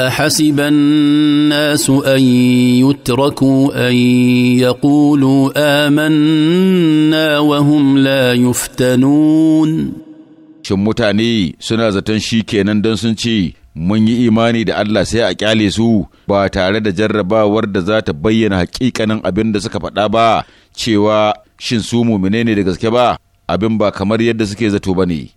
احسب الناس ان يتركوا ان يقولوا امنا وهم لا يفتنون shin mutane suna zaton shi kenan don sun ce mun yi imani da Allah sai a kyale su ba tare da jarrabawar da za ta bayyana hakikanin abin da suka faɗa ba cewa shin su mumine ne da gaske ba abin ba kamar yadda suke zato ba ne